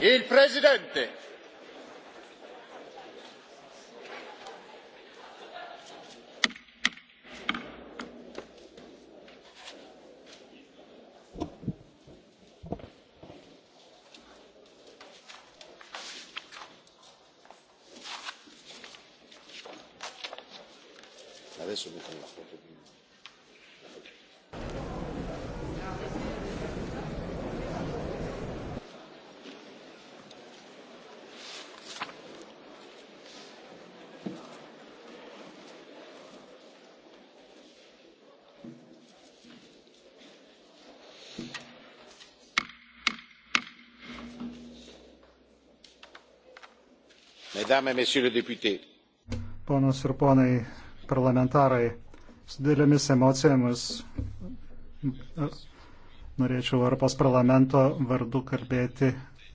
Il Presidente. Adesso mettiamo la foto. Ponos ir ponai parlamentarai, su didelėmis emocijomis norėčiau Europos parlamento vardu kalbėti